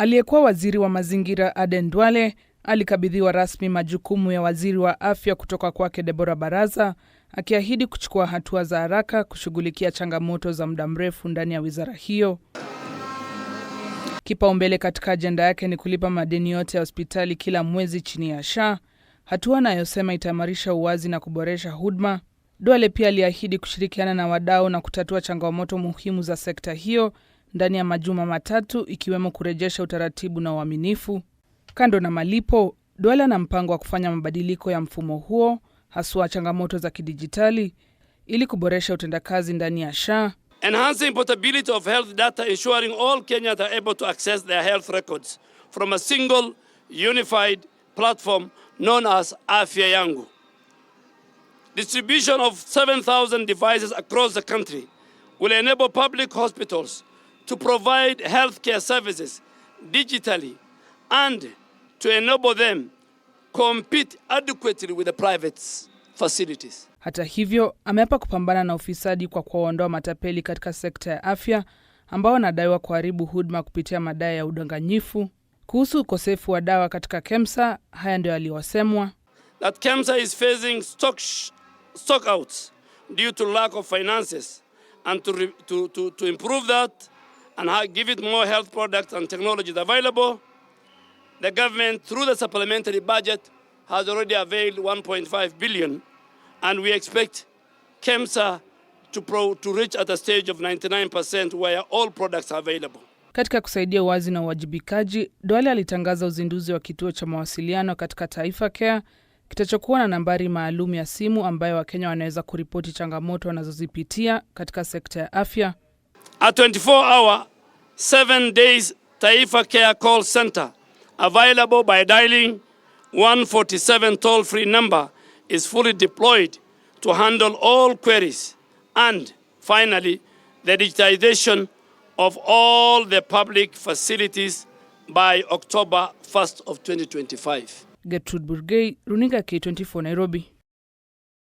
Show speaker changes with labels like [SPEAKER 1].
[SPEAKER 1] Aliyekuwa waziri wa mazingira Aden Duale alikabidhiwa rasmi majukumu ya waziri wa afya kutoka kwake Debora Baraza, akiahidi kuchukua hatua za haraka kushughulikia changamoto za muda mrefu ndani ya wizara hiyo. Kipaumbele katika ajenda yake ni kulipa madeni yote ya hospitali kila mwezi chini ya SHA, hatua anayosema itaimarisha uwazi na kuboresha huduma. Duale pia aliahidi kushirikiana na wadau na kutatua changamoto muhimu za sekta hiyo ndani ya majuma matatu ikiwemo kurejesha utaratibu na uaminifu. Kando na malipo, Duale na mpango wa kufanya mabadiliko ya mfumo huo haswa changamoto za kidijitali ili kuboresha utendakazi ndani ya SHA.
[SPEAKER 2] Enhancing portability of health data ensuring all Kenyans are able to access their health records from a single unified platform known as Afya Yangu. Distribution of 7,000 devices across the country will enable public hospitals to provide healthcare services digitally and to enable them compete adequately with the private facilities.
[SPEAKER 1] Hata hivyo, ameapa kupambana na ufisadi kwa kuwaondoa matapeli katika sekta ya afya ambao wanadaiwa kuharibu huduma kupitia madai ya udanganyifu. Kuhusu ukosefu wa dawa katika KEMSA, haya ndio yaliyosemwa.
[SPEAKER 2] That KEMSA is facing stock, stock outs due to lack of finances and to, to, to, to improve that and how give it more health products and technologies available. The government, through the supplementary budget, has already availed 1.5 billion, and we expect KEMSA to, pro, to reach at a stage of 99% where all products are available.
[SPEAKER 1] Katika kusaidia uwazi na uwajibikaji, Duale alitangaza uzinduzi wa kituo cha mawasiliano katika Taifa Care kitachokuwa na nambari maalum ya simu ambayo Wakenya wanaweza kuripoti changamoto wanazozipitia katika sekta ya afya.
[SPEAKER 2] A 24 hour seven days Taifa Care Call Center available by dialing 147 toll-free number is fully deployed to handle all queries. And finally, the digitization of all the public facilities by October 1st of 2025.
[SPEAKER 1] Gertrude Burgay, Runinga K24 Nairobi.